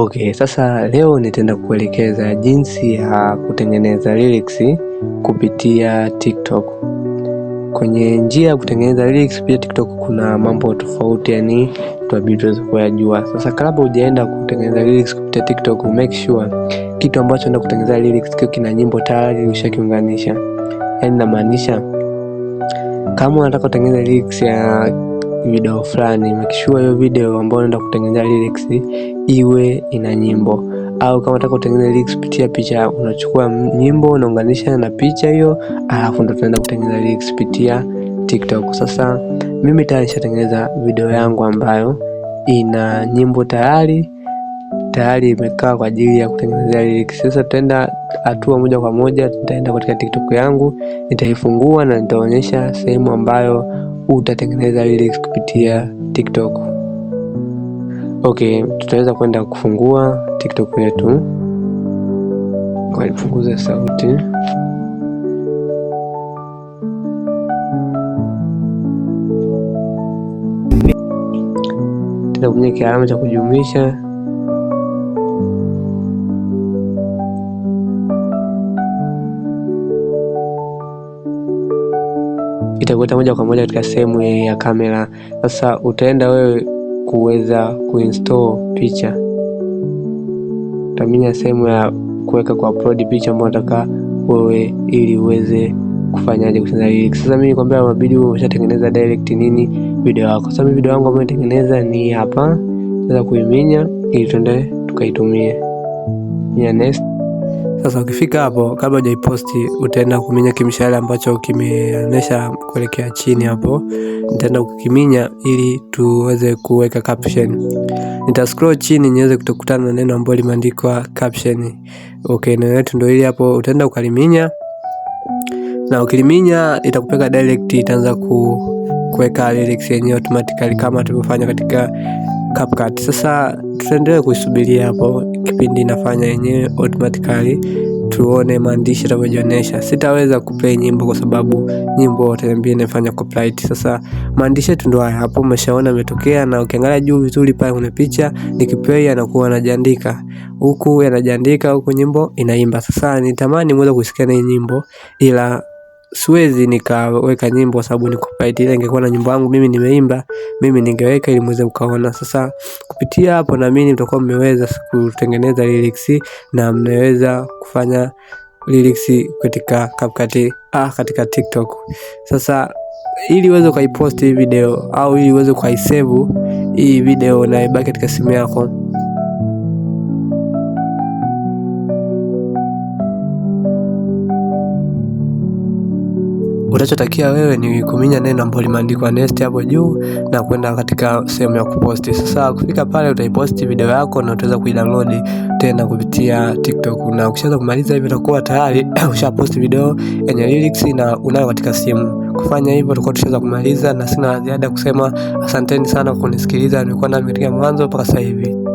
Okay, sasa leo nitaenda kuelekeza jinsi ya kutengeneza lyrics kupitia TikTok. Kwenye njia ya kutengeneza lyrics pia TikTok kuna mambo tofauti, yani tuabidi tuweze kuyajua. Sasa kabla hujaenda kutengeneza lyrics kupitia TikTok, make sure kitu ambacho unaenda kutengeneza lyrics kio kina nyimbo tayari ushakiunganisha. Yani namaanisha kama unataka kutengeneza lyrics ya video fulani, make sure hiyo video ambayo unaenda kutengeneza lyrics iwe ina nyimbo au kama unataka kutengeneza lyrics kupitia picha, unachukua nyimbo unaunganisha na picha hiyo, alafu ndo tunaenda kutengeneza lyrics kupitia TikTok. Sasa mimi tayari nishatengeneza video yangu ambayo ina nyimbo tayari tayari imekaa kwa ajili ya kutengenezea lyrics. Sasa tutaenda hatua moja kwa moja, tutaenda katika TikTok yangu, nitaifungua na nitaonyesha sehemu ambayo utatengeneza lyrics kupitia TikTok. Okay, tutaweza kwenda kufungua TikTok yetu kwa kupunguza sauti. kwenye kialama cha kujumlisha itakuta moja kwa moja katika sehemu ya kamera. Sasa utaenda wewe kuweza kuinstall picha. Utaminya sehemu ya kuweka kwa upload picha ambayo nataka wewe, ili uweze kufanyaje kutengeneza direct. Sasa mimi nikwambia mabidi wewe umeshatengeneza direct nini video yako. Sasa mimi video yangu ambayo nitengeneza ni hapa, naweza kuiminya ili tuende tukaitumie. Ya next sasa ukifika hapo, kabla hujaiposti, utaenda kuminya kimshale ambacho kimeonesha kuelekea chini hapo. Nitaenda kukiminya ili tuweze kuweka caption. Nita scroll chini niweze kutokutana na neno ambalo limeandikwa caption. Okay, neno letu ndio hili hapo, utaenda ukaliminya na ukiliminya itakupeka direct, itaanza ku kuweka lyrics yenyewe automatically kama tulivyofanya katika CapCut. Sasa tutaendelea kuisubiria hapo, kipindi inafanya yenyewe automatically, tuone maandishi yatavyojionyesha. Sitaweza kupea nyimbo kwa sababu nyimbo wataniambia inafanya copyright. Sasa maandishi yetu ndio haya hapo, umeshaona umetokea, na ukiangalia juu vizuri pale kuna picha, nikiplay anakuwa anajiandika huku, yanajiandika huku, nyimbo inaimba. Sasa nitamani muweze kusikia na nyimbo ila siwezi nikaweka nyimbo kwa sababu ni copyright, ila ingekuwa na nyimbo yangu mimi nimeimba, mimi ningeweka ili mweze mkaona. Sasa kupitia hapo, naamini mtakuwa mmeweza kutengeneza lyrics na mmeweza kufanya lyrics katika CapCut, ah, katika TikTok. Sasa ili uweze kuipost hii video au ili uweze kuisave hii video na ibaki katika simu yako Unachotakia wewe ni kuminya neno ambalo limeandikwa next hapo juu na kwenda katika sehemu ya kuposti. Sasa kufika pale, utaiposti video yako na utaweza kuidownload tena kupitia TikTok, na ukishaanza kumaliza hivi utakuwa tayari ushaposti video yenye lyrics na unayo katika simu kufanya hivyo tulikuwa tushaweza kumaliza, na sina ziada kusema. Asanteni sana kwa kunisikiliza, nimekuwa nami katika mwanzo mpaka sasa hivi.